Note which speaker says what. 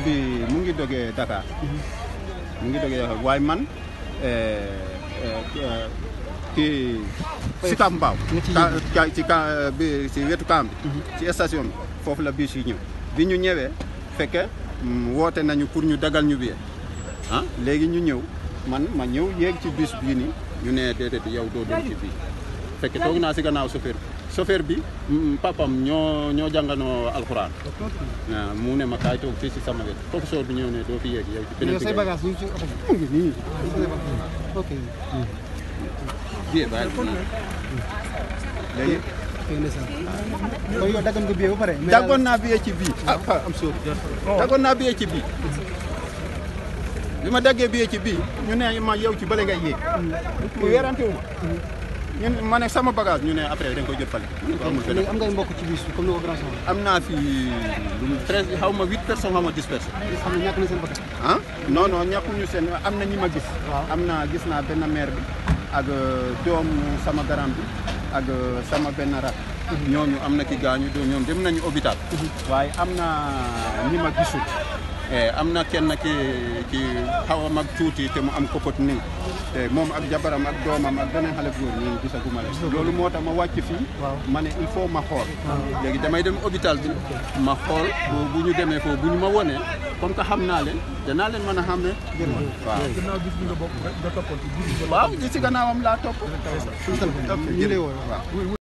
Speaker 1: bi mu ngi dogee Dakar. mu ngi dogee Dakar waaye man. Eh, eh, kii Sicap Mbao. nga ci camp bi ci wetu camp bi. Mhm. ci station bi foofu la bus yi ñëw. bi ñu ñëwee fekke mm, woote nañu pour ñu dagal ñu billet. ah léegi ñu ñëw man ma ñëw yéeg ci biis bii nii ñu ne déedéet yow doo doon ci bii. fekke toog naa si gannaaw chauffeur bi. chauffeur bi mm, papam ñoo ñoo jànganoo alxuraan. mu ne ma kaay toog fii si sama wet professeur bi ñëw ne doo fi yéeg yow. ci beneen bi say bagage ci oto bi. ma ngi nii. Ah, ok. Mm. Mm. ci bii. Ah, ah, oh. naa billet ci bii. bi ma daggee billet ci ñu ne ma yow ci bële ngay yéeg. ñun ma ne sama bagage ñu ne après dañ koy jot fale. léegi am ngay mbokk ci bis am naa fi lu mu xaw ma huit personnes xaw ma dix personnes. am na ñàkk na seen bakkan. ah am na ñi ma gis. am na gis naa benn maire bi ak euh, doom sama garam bi ak euh, sama benn rak. Mhm. ñooñu am na ki gaañu ñoom dem nañu hôpital. Mhm. waaye am na ñi ma gisul. Eh, am na kenn ki ki xaw a mag tuuti te mu am kopot nii eh, moom ak jabaram ak doomam ak beneen xale góor ñu ma la loolu moo tax ma wàcc fii ma ne il faut ma xool léegi damay dem hôpital bi ma xool bu ñu demee ko bu ñu ma wonee comme que xam naa leen danaa leen mën a xam ne waaw gannaaw gis bi nga bokk nga toppoon ci waaw ci gannaawam laa topp